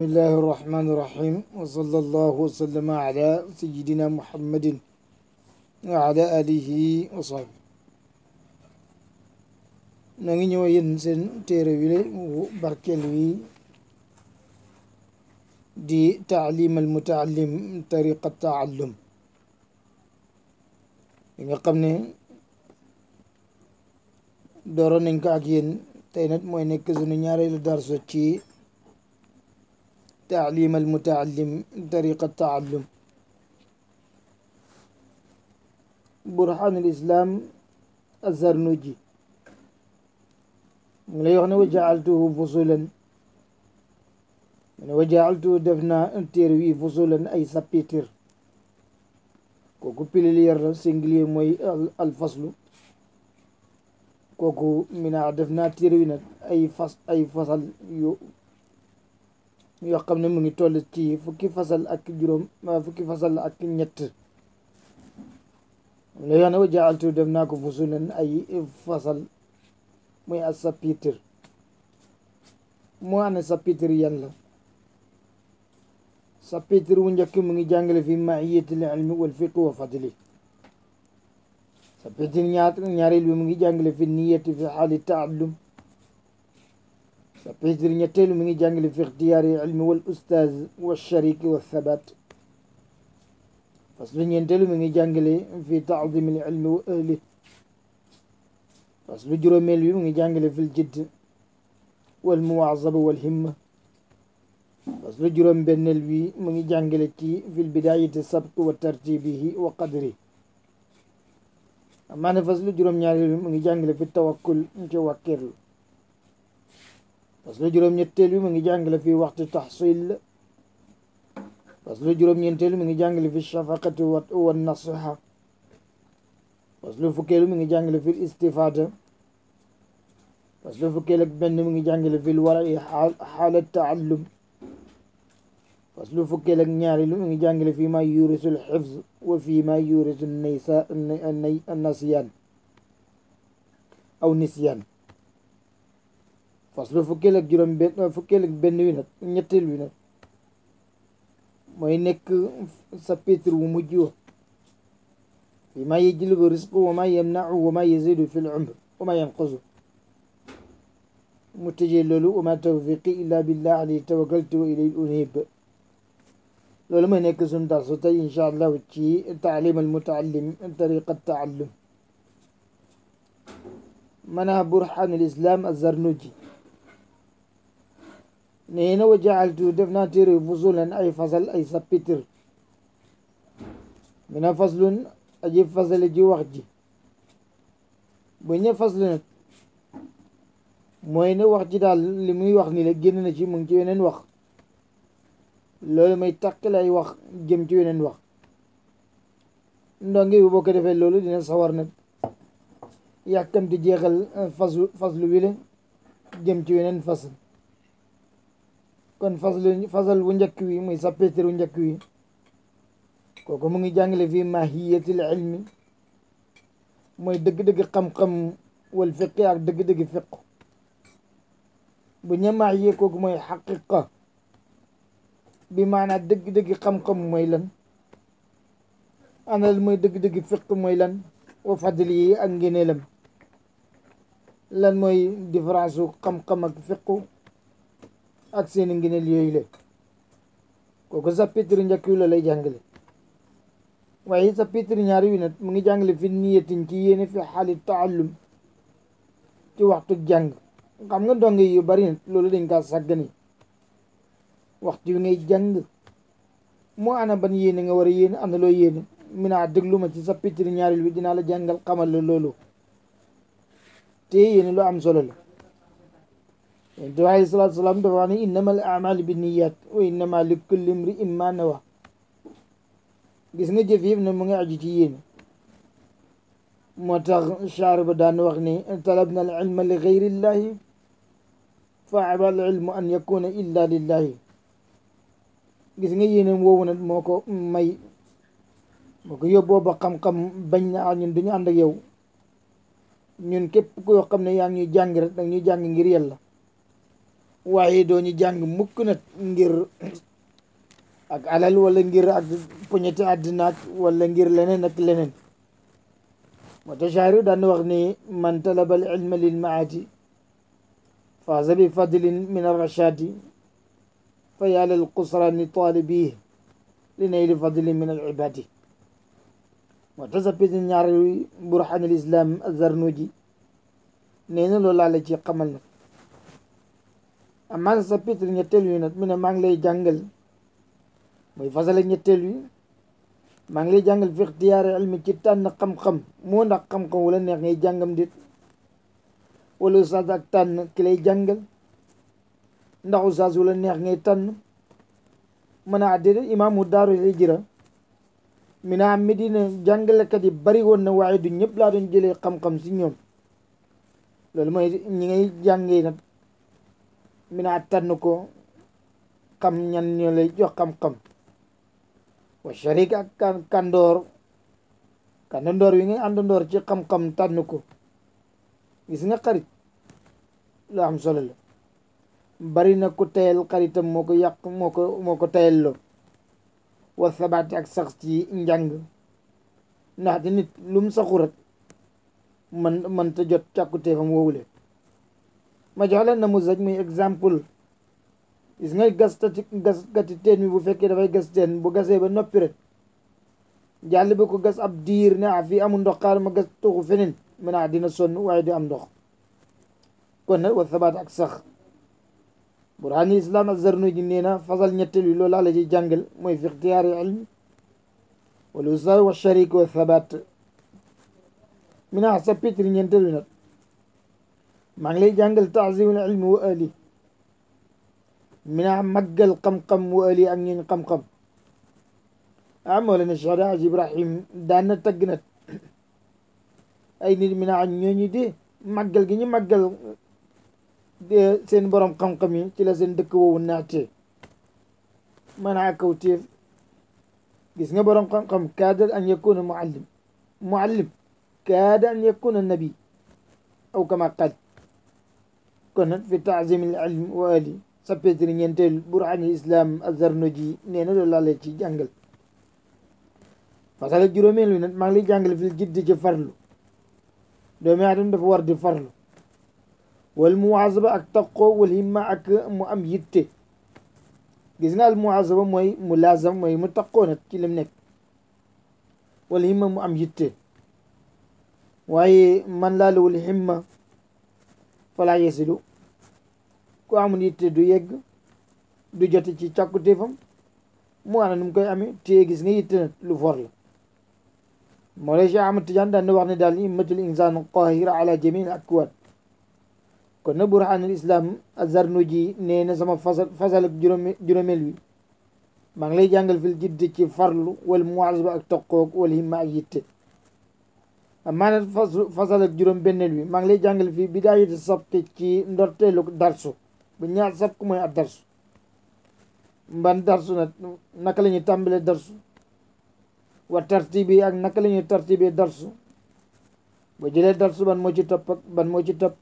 بسم الله الرحمن الرحيم وصلى الله وسلم على سيدنا محمد وعلى آله وصحبه na ngi ñëw yéen seen téere wi le wu barkeel wi di taalim al mutaallim tariqa taallum li nga xam ne dooroon nañ ko ak yéen tey nag mooy nekk sunu ñaareelu darso ci تعليم المتعلم طريقة تعلم برهان الإسلام الزرنوجي من يغنى وجعلته فصولا من يعني وجعلته دفنا تروي فصولا أي سبيتر كوكو بليلير سنجلي موي الفصل كوكو من عدفنا تروينا أي فصل أي فصل yoo xam ne mu ngi toll ci fukki fasal ak juróom euh, fukki fasal ak ñett la yoo xam ne wa def naa ko fusulan ay fasal muy ak chapitre moo ana chapitre yan la chapitre wu njëkk mu ngi jàngale fi maiyatil ilmi wal fiqi wa fadli chapitre ñaar ñaareel bi mu ngi jàngale fi niyati fi xaali taallum بيجري نتيلو من جانجل في اختياري علمي والأستاذ والشريك والثبات فصل ينتيلو من جانجل في تعظيم العلم وأهله فصل جرميلو من جانجل في الجد والمواظب والهمة فصل جرم بن الوي من جانجل في البداية السبق وترتيبه وقدره أما فصل جرم نعلم من جانجل في التوكل نتوكرلو فصل جروم نيتيل مي جانغل في وقت التحصيل فصل جروم نيتيل مي جانغل في الشفقة والنصحة فصل فكيل مي جانغل في الاستفادة فصل فكيل بن مي جانغل في الورع حال التعلم فصل فكيل نياري مي جانغل في ما يورث الحفظ وفي ما يورث النساء النسيان أو نسيان, faslu fukkeel ak juróom benn fukkeel ak benn wi nag ñetteel wi nag mooy nekk chapitre wu mujj wa fi ma yajlibu risqu wa ma yamnau wa ma yazidu fi lumr wa ma yanqusu mu tëjee loolu wa ma tawfiqi illa billah alayhi tawakkaltu wa ilayhi unib loolu mooy nekk suñ darsu tey insha allahu ci taalim al mutaallim tariqa taallum manaa burhaan al islam az zarnuji nee na wa jaaltu def naa téere fusulan ay fasal ay sapitir mu ne faslun aji fasale ji wax ji bu ñu faslu nag mooy na wax ji daal li muy wax ni la génn na ci mu ngi ci weneen wax loolu may tàqale ay wax jëm ci weneen wax ndongi bi boo ko defee loolu dina sawar nag yàkkamti jeexal fas eh, faslu wile la jëm ci weneen fasl kon faslu fasal wu njëkk wi muy chapitre wu njëkk wi kooku mu ngi jàngale fii mahiyatil ilmi mooy dëgg-dëgg xam-xam wal fiqi ak dëgg-dëgg fiq bu ñu mahiya kooku mooy xaqiqa bi maanaa dëgg-dëgg xam-xam mooy lan anal mooy dëgg-dëgg fiq mooy lan wa fadli yi ak ngéneelam lan mooy différence su xam-xam ak fiqu ak seen ngëneel yooyu la kooku chapitre njëkk wi la lay jàngale waaye chapitre ñaari wi nag mu ngi jàngale fi niyatin ci yéene fi xaali taallum ci waxtu jàng xam nga ndongo yu bari nag loolu dañ kaa sàggane waxtu wi ngay jàng mu ana ban yéene nga war a yéene am na loo yéene mi naa déglu ma ci chapitre ñaari bi dinaa la jàngal xamal la loolu te yéene lu am solo la الدعاء صلى الله عليه وسلم دعاني إنما الأعمال بالنيات وإنما لكل امرئ ما نوى جسنا جفيف من المعجتيين متغ شعر بدان وغني طلبنا العلم لغير الله فعبى العلم أن يكون إلا لله جسنا ين وون موكو مي موكو يبو بقم قم بني عن الدنيا عند يو نين كيف كو قم نيان يجانغر نيان يجانغر يلا يعني waaye doo ñu jàng mukk nag ngir ak alal wala ngir ak poñeti àddina ak wala ngir leneen ak leneen moo tax shaaru daan wax ni man talaba al ilma lil maati faaza bi fadlin min arrashaati fa yaala al qusraani taalibihi li li fadlin min al ibaadi moo tax sa pisin ñaari burhan al islam azarnuji nee na loolu la ci xamal nag amma sa chapitre ñetteel wi nag mu ne maa ngi lay jàngal muy fasale ñetteel wi maa ngi lay jàngal fi ixtiyaari ilmi ci tànn xam-xam moo ndax xam-xam wala neex jàngam dit wala ustaas jàngal ndax ustaas neex ngay tànn mën a ah addede imaamu daaru hijra mi naa am ah medina jàngalekat yi bari woon na waaye du ñëpp laa jëlee xam-xam si ñoom loolu mooy ñi ngay jàngee mi naa ko kam ñan ñoo lay jox xam-xam wa sharik ak kandoor wi nga àndandoor ci xam-xam tànn ko gis nga xarit lu am solo la bari na ku tayal moo ko yàq moo ko moo ko tayal loo wa sabaati ak sax ci njàng ndaxte nit lum mu saxurat man mënta jot càkkuteefam woowule ma namuzaj muy exemple gis nga gas tati gas gati teen bi bu fekkee dafay gas teen bu gasee ba noppi rek jàll bi ko gas ab diir ne ah fii amul ndox xaar ma gas tuxu feneen mu ne ah dina sonn waaye du am ndox kon nag wa sabaat ak sax burhaani islam az-Zarnuji nee na fasal ñetteel wi loolu la ci jàngal mooy fi ixtiyaari ilm wal usaar wa sharik wa sabaat mi ne ah sa pitri ñeenteel wi nag maa ngi lay jàngal taazimul ilmi wa ali minaa màggal xam-xam wa ali ak ñeñ xam-xam ah Mawlana Cheikh El Hadj Ibrahim daan na tagg nag ay nit minaa ak ñooñu di màggal gi ñu màggal seen borom xam-xam yi ci la seen dëkk woowu naatee maanaa kaw téef gis nga borom xam-xam kaada an yakuna muallim muallim kaada an yakuna nabi aw kama qaal kon nag fi taazimil ilm wa ali sappeetiri ñeenteel burhaanil islam azarnoji nee na loolu laale ci jàngal fasala juróomeel wi nag maa ngi lay jàngal fil jiddi ci farlu doomi aadama dafa war di farlu wal muwaazaba ak taqoo wal himma ak mu am yitte gis nga al muwaazaba mooy mu laazam mooy mu taqoo ci lim nekk wal himma mu am yitte waaye man laa lawul himma falaa yasilu ku amul yitte du yegg du jote ci càkkutéefam mu ana nu mu koy amee téye nga yitte nag lu for la moo lay Cheikh Ahmad Tidiane daan wax ne daal ni immatul insaan qahira ala jamil akwaat kon na burhaanul islam azarnuji sama fasal fasal ak juróome juróomeel wi maa ngi lay jàngal fil jiddi ci farlu wal muwaazaba ak toqoog wal himma ak yitte amaana fasal ak juróom benneel wi maa ngi lay jàngal fii bidaayati sabti ci ndorteelu darsu bu ñaar sabk mooy ab darsu mban darsu nag naka la ñuy tàmbale darsu wa tartibi ak naka la ñuy tartibi darsu bu jële darsu ban moo ci topp ban moo ci topp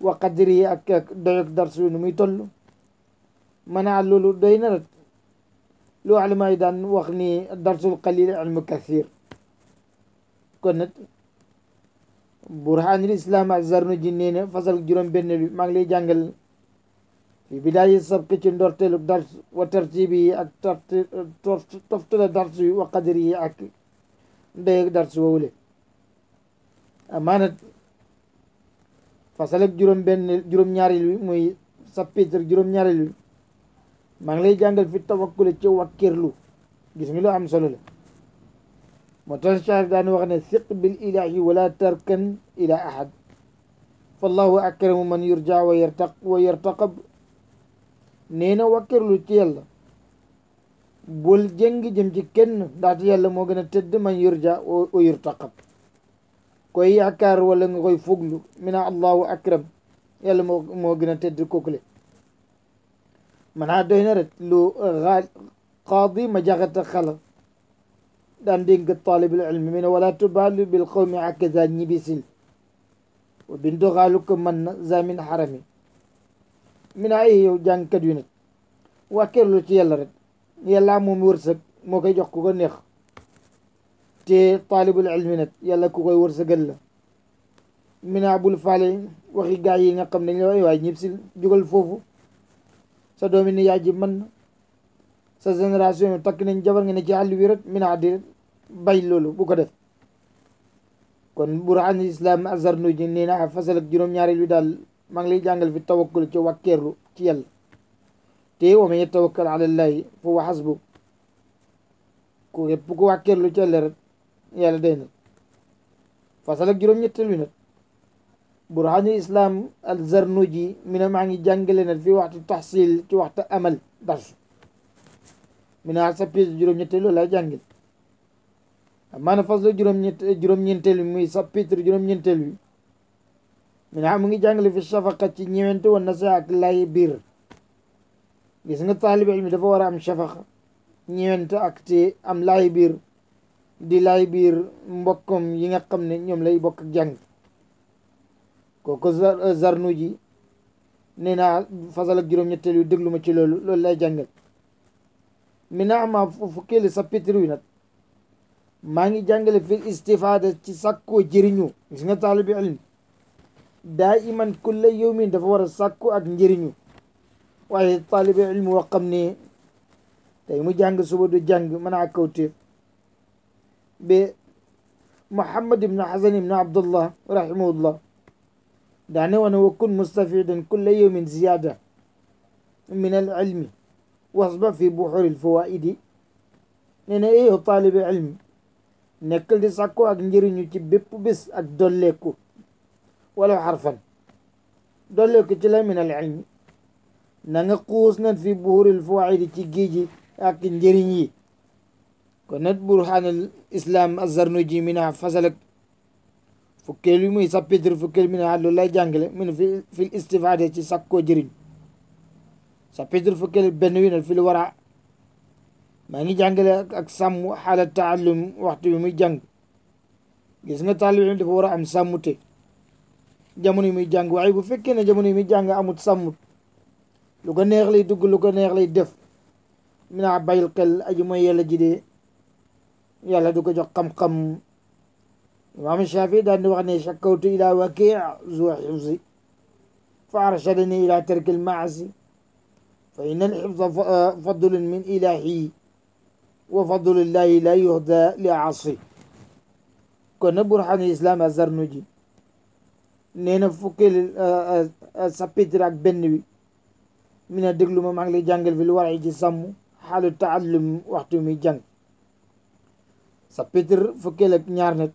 wa qadri ak ak doyog darsu yi nu muy toll maanaa loolu doy na rat lu alima yi daan wax ni darsul qalil ilmu kathir kon nag burhaanul islam azarnu ji nee na fasal juróom benn bi maa ngi lay jàngal في بداية السبق تندرتل الدرس وترتيبه تفصل الدرس وقدره أك ده درس وولي أمانة fasalek juróom benn juróom ñaareel bi muy chapitre juróom ñaareel bi maa ngi lay jàngal fi tawakkul ci wakkirlu gis nga lu am solo la moo tax Cheikh daan wax ne siq bil ilahi wala tarkan ila ahad fallahu akramu man yurja wa yartaq wa yartaqab nee na wakkeerlu ci yàlla bul jëng jëm ci kenn ndaxte yàlla moo gën a tëdd man yurja o yurtaqab koy yaakaar wala nga koy mina allahu akram yàlla moo moo gën a tëdd kookule manaa doy na rek lu qaadi ma jaxata xala daan dénk taalibul ilmi mi ne wala tubaalu bil qawmi akaza ñibisil wa bintu xaalu ko man na zamin xarami min ay yow jàngkat yu nit wàkkeerlu ci yàlla rek yàlla moom wërsëg moo koy jox ku ko neex te taalibul ilmi nag yàlla ku koy wërsëgal la mina bul faale waxi ga yi nga xam ne ñu la waaye ñëpp si jógal foofu sa doomi ni yaa ji mën sa génération yi takk nañ jabar nga ne ci àll bi rek mina di bay loolu bu ko def kon buraan islam azarnu ji nee na fasal ak juróom-ñaareel bi daal maa ngi lay jàngal fi tawakkul ci wàkkeerlu ci yàlla te wa man yatawakkal ala llaahi fa huwa hasbu ku yëpp ku wàkkeerlu ci yàlla rek yàlla day na fasal ak juróom-ñettel wi nag burhaanul islaam al-Zarnuji mi ne maa ngi jàngale nag fi waxtu taxsil ci waxtu amal darsu mi naa sa page juróom-ñettel loolu laay jàngil maanaam fasal juróom-ñett juróom-ñeenteel wi muy sa juróom-ñeenteel wi minaa mu ngi jàngale fi shafaqa ci ñëwante woon na sa ak lay biir gis nga taalibe ilmi dafa war a am shafaqa ñëwante ak te am lay biir di lay biir mbokkam yi nga xam ne ñoom lay bokk jàng kooku euh, zarnu ji nee naa fasal ak juróom-ñetteel yu déglu ma lay jàngal minaa ma fukkeeli chapitre maa ngi jàngale fi istifaada ci sàkkoo jëriñu gis nga taalibe ilmi دائما كل يوم دافا ورا ساكو اك نجيرنو واي طالب علم وقمني تاي مو جانغ سوبو دو جانغ منا محمد بن حسن بن عبد الله رحمه الله داني وانا وكن مستفيدا كل يوم زيادة من العلم واصبع في بحور الفوائد نينا ايه طالب علم نكل دي ساكو اك نجيرنو تي بيبو بس اك دوليكو wala xarfan dolle ko ci la min al ilmi na nga xuus nag fi buhuril fawaidi ci géeji ak njëriñ yi kon nag burhaanul islam azarnuji mi na fasalak fukkeel bi muy chapitre fukkeel mi na loolu lay jàngale min fi fil istifaade ci sako jëriñ chapitre fukkeel benn wi nag fi lu wara maa ngi jàngale ak sàmm xaala taallum waxtu bi muy jàng gis nga taalibe dafa war a am sàmmute jamono yi muy jàng waaye bu fekkee ne jamono yi muy jàng amut sàmmut lu ko neex lay dugg lu ko neex lay def minaa bàyyil xel aji mooy yàlla ji de yàlla du ko jox xam-xam imaam Shaafi daan di wax ne shakawtu ilaa wakii zu xifzi fa arshadani ilaa tarkil maasi fa inna al xifza ah, fadlun min ilaahi wa fadlullaahi laa yuhda li aasi kon na burhaani islaam azarnuji nee na fukkeeli euh, euh, ak benn wi mi ne déglu ma maa ngi lay jàngal fi lu war ci sàmm xaalu taallum waxtu mi jàng chapitre fukkeel ak ñaar nag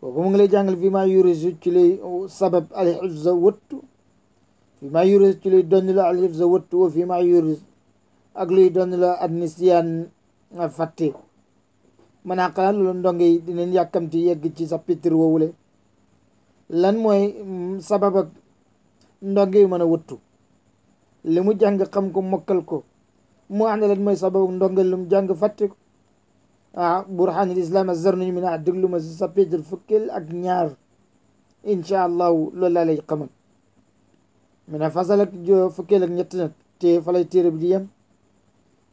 kooku mu ngi lay jàngal fi maa yurisu ci lay sabab alxifza wëttu fi maa yuris ci luy donn la alxifza wëttu wa fi maa yuris ak luy donn la adnisiyaan fàtte man xalaat loolu ndonge yi dinañ yàkkamti yegg ci chapitre woowule lan mooy mm, sabab ak ndogge yu mën a li mu jàng xam ko mu mokkal ko mu ànd lan mooy sabab ak ndongal lu mu jàng fàtte ko ah burhaanil islam azarnuñu mi ne ah déglu ma si sa pédre fukkil ak ñaar incha allahu loolu laa lay xamal mi ne fasal ak fukkil ak ñett nag te bi di yem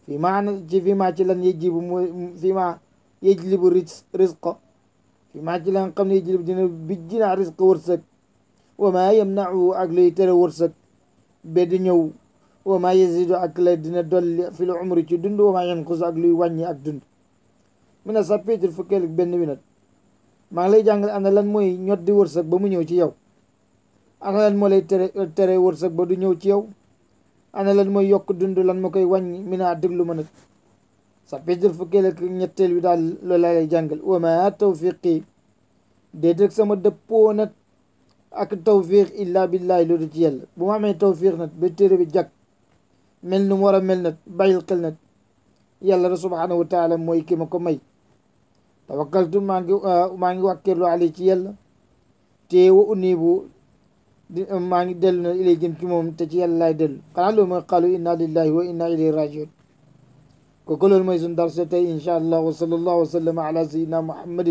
fii ma ci fii maa ci lan yejjibu mu fii maa yejlibu ris risqo bi maa ci la nga xam ne jëlib dina bijj na risque wërsëg wa maa yamna'u ak lay tere wërsëg ba di ñëw wa maa yazidu ak la dina dolli fi l ci dund wa maa yanqus ak luy wàññi ak dund mi na chapitre fukkeel ak benn bi nag maa ngi lay jàngal ana lan mooy ñot di wërsëg ba mu ñëw ci yow ana lan tere tere wërsëg ba du ñëw ci yow ana lan mooy yokk dund lan ma koy wàññi mi naa déglu ma nag sappitel fukkeel ak ñetteel wi daal loolu laa lay jàngal wa ma tawfiqi déedéet sama dëppoo nag ak tawfiq illa billahi loolu ci yàlla bu ma amee tawfiq nag ba bi jàkk mel nu mu war a mel nag bàyyil xel nag yàlla la subhanahu wa taala mooy ki ma ko may tawakkaltu maa ngi ah, maa ngi wàkkeerlu ale ci yàlla te wa unibu maa ngi dellu na ilay jëm ci moom te ci yàlla laay dellu xanaa loolu mooy xaalu inna lillahi wa inna ilayhi rajiun وكل الميزن درستي إن شاء الله وصلى الله وسلم على سيدنا محمد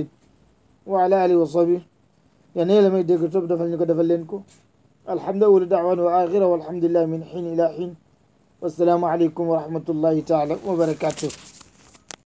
وعلى آله وصحبه يعني إيه لما يديك تبدا فلنك دفلينكو الحمد لله دعوان وآخرة والحمد لله من حين إلى حين والسلام عليكم ورحمة الله تعالى وبركاته